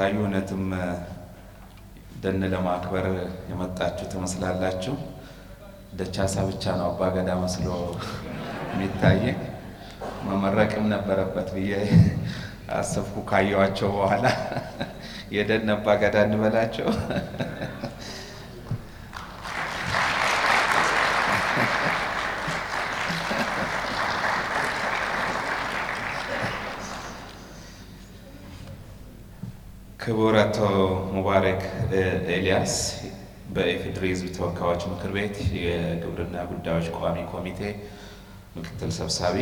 ታዩ እውነትም ደን ለማክበር የመጣችሁ ትመስላላችሁ። ደቻሳ ብቻ ነው አባገዳ መስሎ የሚታየኝ። መመረቅም ነበረበት ብዬ አሰብኩ ካየዋቸው በኋላ የደን አባገዳ እንበላቸው። ክቡር አቶ ሙባረክ ኤልያስ በኢፌዴሪ ህዝብ ተወካዮች ምክር ቤት የግብርና ጉዳዮች ቋሚ ኮሚቴ ምክትል ሰብሳቢ፣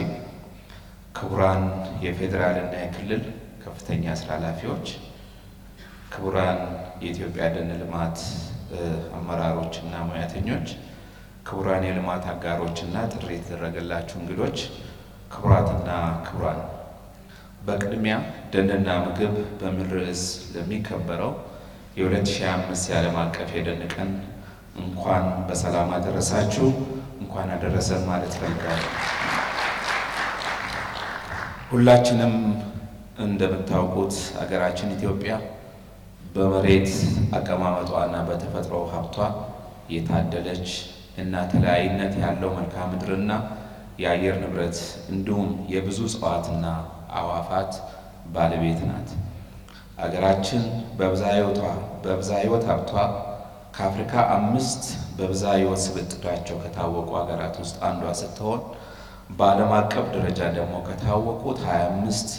ክቡራን የፌዴራልና የክልል ከፍተኛ ስራ ኃላፊዎች፣ ክቡራን የኢትዮጵያ ደን ልማት አመራሮች እና ሙያተኞች፣ ክቡራን የልማት አጋሮች እና ጥሪ የተደረገላችሁ እንግዶች፣ ክቡራትና ክቡራን በቅድሚያ ደንና ምግብ በሚል ርዕስ ለሚከበረው የ2025 የዓለም አቀፍ የደን ቀን እንኳን በሰላም አደረሳችሁ እንኳን አደረሰን ማለት እፈልጋለሁ። ሁላችንም እንደምታውቁት አገራችን ኢትዮጵያ በመሬት አቀማመጧና በተፈጥሮ ሀብቷ የታደለች እና ተለያይነት ያለው መልክዓ ምድርና የአየር ንብረት እንዲሁም የብዙ እጽዋትና አዕዋፋት ባለቤት ናት። አገራችን በብዝሃ ሕይወቷ በብዝሃ ሕይወት ሀብቷ ከአፍሪካ አምስት በብዝሃ ሕይወት ስብጥዳቸው ከታወቁ ሀገራት ውስጥ አንዷ ስትሆን በዓለም አቀፍ ደረጃ ደግሞ ከታወቁት 25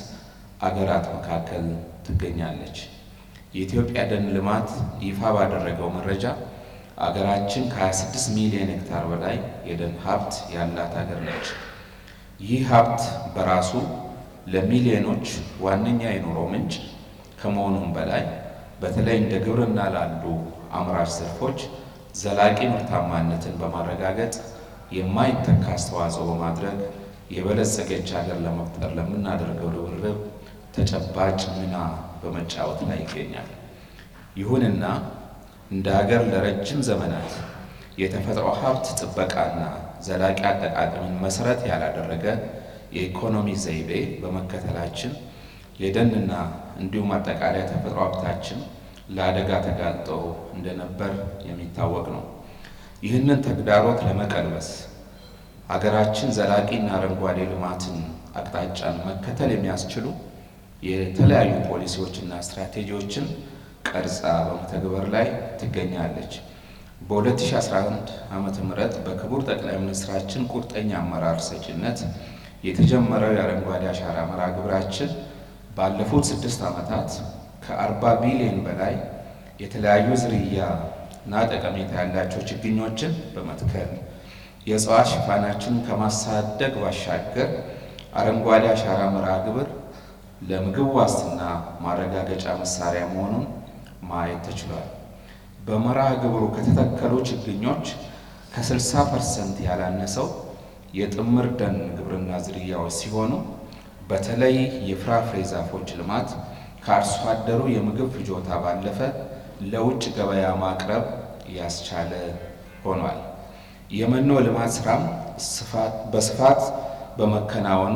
አገራት መካከል ትገኛለች። የኢትዮጵያ ደን ልማት ይፋ ባደረገው መረጃ አገራችን ከ26 ሚሊዮን ሄክታር በላይ የደን ሀብት ያላት ሀገር ነች። ይህ ሀብት በራሱ ለሚሊዮኖች ዋነኛ የኑሮ ምንጭ ከመሆኑም በላይ በተለይ እንደ ግብርና ላሉ አምራች ዘርፎች ዘላቂ ምርታማነትን በማረጋገጥ የማይተካ አስተዋጽኦ በማድረግ የበለጸገች ሀገር ለመፍጠር ለምናደርገው ርብርብ ተጨባጭ ሚና በመጫወት ላይ ይገኛል። ይሁንና እንደ ሀገር ለረጅም ዘመናት የተፈጥሮ ሀብት ጥበቃና ዘላቂ አጠቃቀምን መሰረት ያላደረገ የኢኮኖሚ ዘይቤ በመከተላችን የደንና እንዲሁም አጠቃላይ ተፈጥሮ ሀብታችን ለአደጋ ተጋልጦ እንደነበር የሚታወቅ ነው። ይህንን ተግዳሮት ለመቀልበስ ሀገራችን ዘላቂና አረንጓዴ ልማትን አቅጣጫን መከተል የሚያስችሉ የተለያዩ ፖሊሲዎችና ስትራቴጂዎችን ቀርጻ በመተግበር ላይ ትገኛለች። በ2011 ም በክቡር ጠቅላይ ሚኒስትራችን ቁርጠኛ አመራር ሰጭነት የተጀመረው የአረንጓዴ አሻራ መርሃ ግብራችን ባለፉት ስድስት ዓመታት ከአርባ ቢሊዮን በላይ የተለያዩ ዝርያ እና ጠቀሜታ ያላቸው ችግኞችን በመትከል የእጽዋት ሽፋናችንን ከማሳደግ ባሻገር አረንጓዴ አሻራ መርሃ ግብር ለምግብ ዋስትና ማረጋገጫ መሳሪያ መሆኑን ማየት ተችሏል። በመርሃ ግብሩ ከተተከሉ ችግኞች ከ60 ፐርሰንት ያላነሰው የጥምር ደን ግብርና ዝርያዎች ሲሆኑ በተለይ የፍራፍሬ ዛፎች ልማት ከአርሶ አደሩ የምግብ ፍጆታ ባለፈ ለውጭ ገበያ ማቅረብ ያስቻለ ሆኗል። የመኖ ልማት ስራም በስፋት በመከናወኑ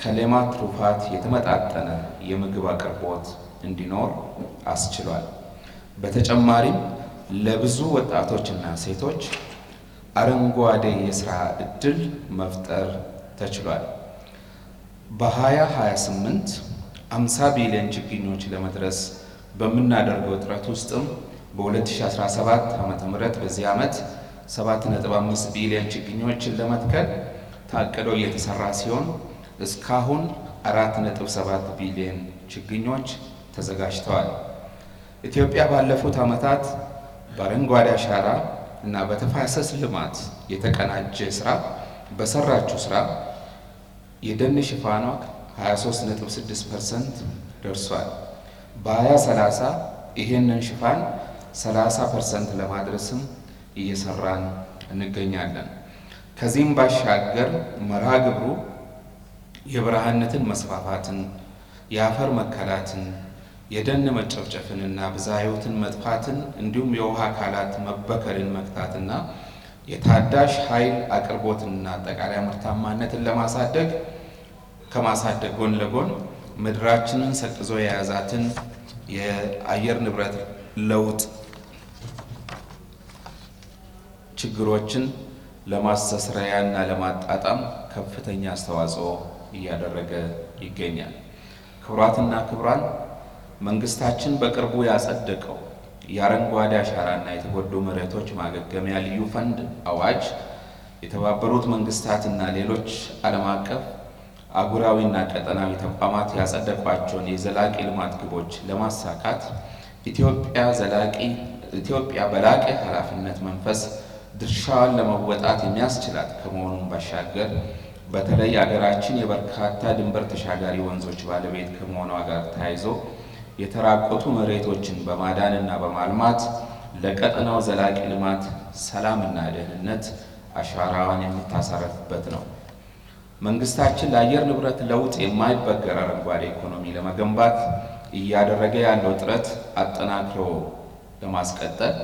ከሌማት ትሩፋት የተመጣጠነ የምግብ አቅርቦት እንዲኖር አስችሏል። በተጨማሪም ለብዙ ወጣቶችና ሴቶች አረንጓዴ የስራ እድል መፍጠር ተችሏል። በ2028 50 ቢሊዮን ችግኞች ለመድረስ በምናደርገው ጥረት ውስጥም በ2017 ዓ.ም በዚህ ዓመት 7.5 ቢሊዮን ችግኞችን ለመትከል ታቅዶ እየተሰራ ሲሆን እስካሁን 4.7 ቢሊዮን ችግኞች ተዘጋጅተዋል። ኢትዮጵያ ባለፉት ዓመታት በአረንጓዴ አሻራ እና በተፋሰስ ልማት የተቀናጀ ስራ በሰራችው ስራ የደን ሽፋኗ 23.6 ፐርሰንት ደርሷል። በ2030 ይህንን ሽፋን 30 ፐርሰንት ለማድረስም እየሰራን እንገኛለን። ከዚህም ባሻገር መርሃ ግብሩ የበረሃነትን መስፋፋትን፣ የአፈር መከላትን የደን መጨፍጨፍንና ብዝሃ ሕይወትን መጥፋትን እንዲሁም የውሃ አካላት መበከልን መግታትና የታዳሽ ኃይል አቅርቦትንና አጠቃላይ ምርታማነትን ለማሳደግ ከማሳደግ ጎን ለጎን ምድራችንን ሰቅዞ የያዛትን የአየር ንብረት ለውጥ ችግሮችን ለማስተስረያና ለማጣጣም ከፍተኛ አስተዋጽኦ እያደረገ ይገኛል። ክቡራትና ክቡራን መንግስታችን በቅርቡ ያጸደቀው የአረንጓዴ አሻራና የተጎዱ መሬቶች ማገገሚያ ልዩ ፈንድ አዋጅ የተባበሩት መንግስታትና ሌሎች ዓለም አቀፍ አጉራዊና ቀጠናዊ ተቋማት ያጸደቋቸውን የዘላቂ ልማት ግቦች ለማሳካት ኢትዮጵያ ዘላቂ ኢትዮጵያ በላቀ ኃላፊነት መንፈስ ድርሻዋን ለመወጣት የሚያስችላት ከመሆኑም ባሻገር በተለይ አገራችን የበርካታ ድንበር ተሻጋሪ ወንዞች ባለቤት ከመሆኗ ጋር ተያይዞ የተራቆቱ መሬቶችን በማዳንና በማልማት ለቀጠናው ዘላቂ ልማት ሰላምና ደህንነት አሻራዋን የምታሳረፍበት ነው። መንግስታችን ለአየር ንብረት ለውጥ የማይበገር አረንጓዴ ኢኮኖሚ ለመገንባት እያደረገ ያለው ጥረት አጠናክሮ ለማስቀጠል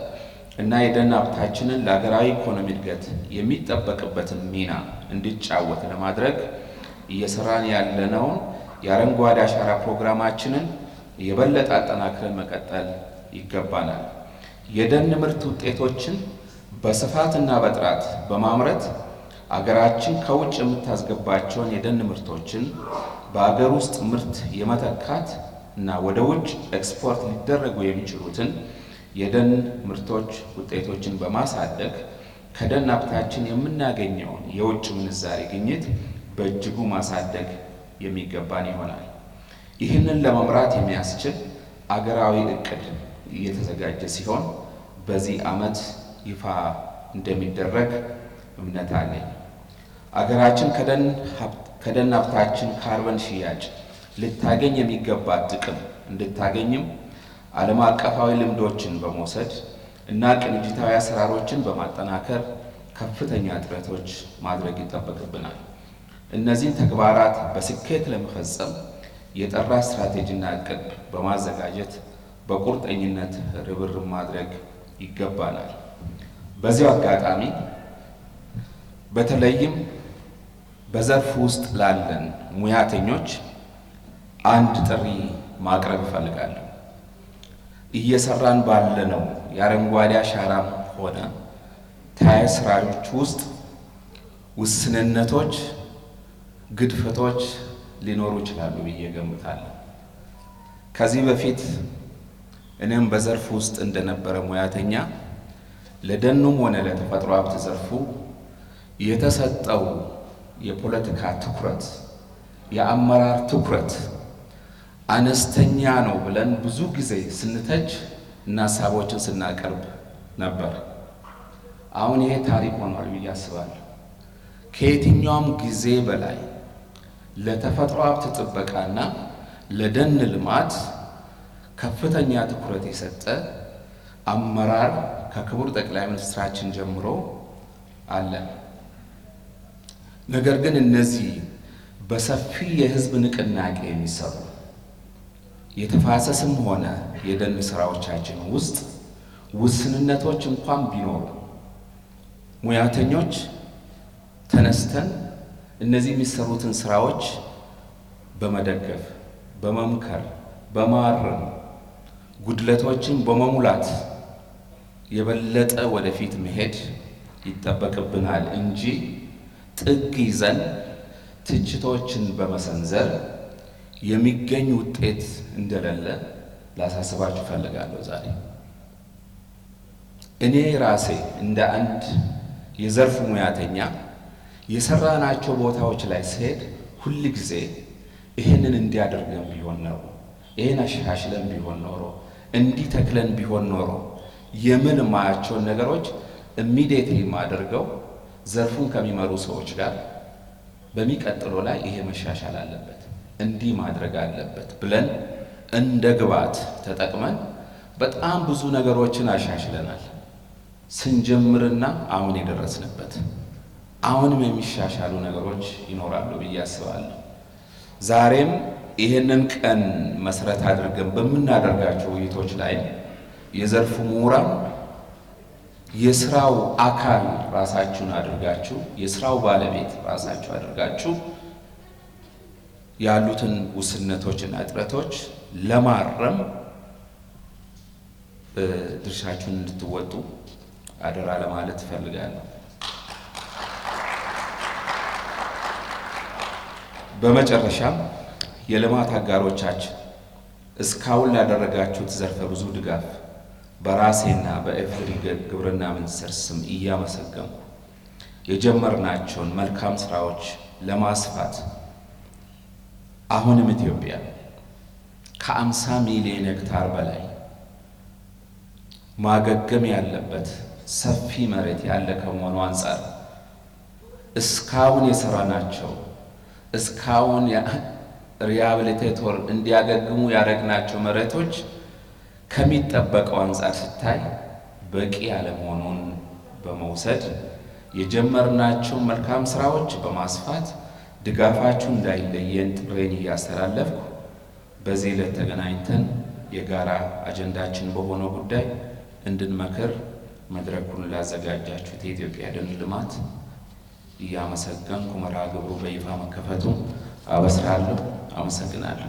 እና የደን ሀብታችንን ለሀገራዊ ኢኮኖሚ እድገት የሚጠበቅበትን ሚና እንዲጫወት ለማድረግ እየሰራን ያለነውን የአረንጓዴ አሻራ ፕሮግራማችንን የበለጠ አጠናክረን መቀጠል ይገባናል። የደን ምርት ውጤቶችን በስፋትና በጥራት በማምረት አገራችን ከውጭ የምታስገባቸውን የደን ምርቶችን በአገር ውስጥ ምርት የመተካት እና ወደ ውጭ ኤክስፖርት ሊደረጉ የሚችሉትን የደን ምርቶች ውጤቶችን በማሳደግ ከደን ሀብታችን የምናገኘውን የውጭ ምንዛሪ ግኝት በእጅጉ ማሳደግ የሚገባን ይሆናል። ይህንን ለመምራት የሚያስችል አገራዊ እቅድ እየተዘጋጀ ሲሆን በዚህ ዓመት ይፋ እንደሚደረግ እምነት አለኝ። አገራችን ከደን ሀብታችን ካርበን ሽያጭ ልታገኝ የሚገባት ጥቅም እንድታገኝም ዓለም አቀፋዊ ልምዶችን በመውሰድ እና ቅንጅታዊ አሰራሮችን በማጠናከር ከፍተኛ ጥረቶች ማድረግ ይጠበቅብናል። እነዚህን ተግባራት በስኬት ለመፈጸም የጠራ ስትራቴጂና እቅድ በማዘጋጀት በቁርጠኝነት ርብርብ ማድረግ ይገባናል። በዚያው አጋጣሚ በተለይም በዘርፍ ውስጥ ላለን ሙያተኞች አንድ ጥሪ ማቅረብ እፈልጋለሁ። እየሰራን ባለነው የአረንጓዴ አሻራም ሆነ ተያያዥ ስራዎች ውስጥ ውስንነቶች፣ ግድፈቶች ሊኖሩ ይችላሉ ብዬ ገምታለሁ። ከዚህ በፊት እኔም በዘርፍ ውስጥ እንደነበረ ሙያተኛ ለደኑም ሆነ ለተፈጥሮ ሀብት ዘርፉ የተሰጠው የፖለቲካ ትኩረት፣ የአመራር ትኩረት አነስተኛ ነው ብለን ብዙ ጊዜ ስንተች እና ሀሳቦችን ስናቀርብ ነበር። አሁን ይሄ ታሪክ ሆኗል ብዬ አስባለሁ። ከየትኛውም ጊዜ በላይ ለተፈጥሮ ሀብት ጥበቃና ለደን ልማት ከፍተኛ ትኩረት የሰጠ አመራር ከክቡር ጠቅላይ ሚኒስትራችን ጀምሮ አለ። ነገር ግን እነዚህ በሰፊ የህዝብ ንቅናቄ የሚሰሩ የተፋሰስም ሆነ የደን ስራዎቻችን ውስጥ ውስንነቶች እንኳን ቢኖሩ ሙያተኞች ተነስተን እነዚህ የሚሰሩትን ስራዎች በመደገፍ በመምከር በማረም ጉድለቶችን በመሙላት የበለጠ ወደፊት መሄድ ይጠበቅብናል እንጂ ጥግ ይዘን ትችቶችን በመሰንዘር የሚገኝ ውጤት እንደሌለ ላሳስባችሁ እፈልጋለሁ። ዛሬ እኔ ራሴ እንደ አንድ የዘርፍ ሙያተኛ የሰራናቸው ቦታዎች ላይ ስሄድ ሁል ጊዜ ይህንን እንዲያደርገን ቢሆን ኖሮ ይህን አሻሽለን ቢሆን ኖሮ እንዲህ ተክለን ቢሆን ኖሮ የምን ማያቸውን ነገሮች ኢሚዲየትሊ የማደርገው ዘርፉን ከሚመሩ ሰዎች ጋር በሚቀጥለው ላይ ይሄ መሻሻል አለበት እንዲህ ማድረግ አለበት ብለን እንደ ግብዓት ተጠቅመን በጣም ብዙ ነገሮችን አሻሽለናል ስንጀምርና አሁን የደረስንበት አሁንም የሚሻሻሉ ነገሮች ይኖራሉ ብዬ አስባለሁ። ዛሬም ይህንን ቀን መሰረት አድርገን በምናደርጋቸው ውይይቶች ላይ የዘርፉ ምሁራን የስራው አካል ራሳችሁን አድርጋችሁ የስራው ባለቤት ራሳችሁ አድርጋችሁ ያሉትን ውስነቶችና እጥረቶች ለማረም ድርሻችሁን እንድትወጡ አደራ ለማለት እፈልጋለሁ። በመጨረሻም የልማት አጋሮቻችን እስካሁን ላደረጋችሁት ዘርፈ ብዙ ድጋፍ በራሴና በኤፍሪ ግብርና ሚኒስቴር ስም እያመሰገንኩ የጀመርናቸውን መልካም ስራዎች ለማስፋት አሁንም ኢትዮጵያ ከአምሳ ሚሊዮን ሄክታር በላይ ማገገም ያለበት ሰፊ መሬት ያለ ከመሆኑ አንጻር እስካሁን የሰራናቸው እስካሁን ሪሃብሊቴት እንዲያገግሙ ያደረግናቸው መሬቶች ከሚጠበቀው አንጻር ስታይ በቂ ያለመሆኑን በመውሰድ የጀመርናቸው መልካም ስራዎች በማስፋት ድጋፋችሁ እንዳይለየን ጥሬን እያስተላለፍኩ በዚህ ዕለት ተገናኝተን የጋራ አጀንዳችን በሆነው ጉዳይ እንድንመክር መድረኩን ላዘጋጃችሁት የኢትዮጵያ ደን ልማት እያመሰገንኩ መርሃ ግብሩ በይፋ መከፈቱ አበስራለሁ። አመሰግናለሁ።